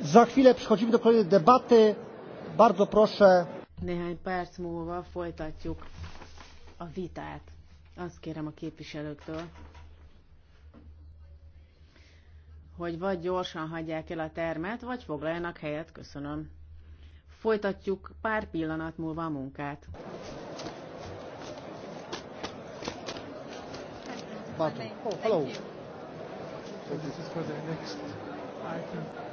Za chwilę przechodzimy do kolejnej debaty. Bardzo proszę. Néhány perc múlva folytatjuk a vitát. Azt kérem a képviselőktől, hogy vagy gyorsan hagyják el a termet, vagy foglaljanak helyet. Köszönöm. Folytatjuk pár pillanat múlva a munkát. Button. Oh, hello. So this is for the next item.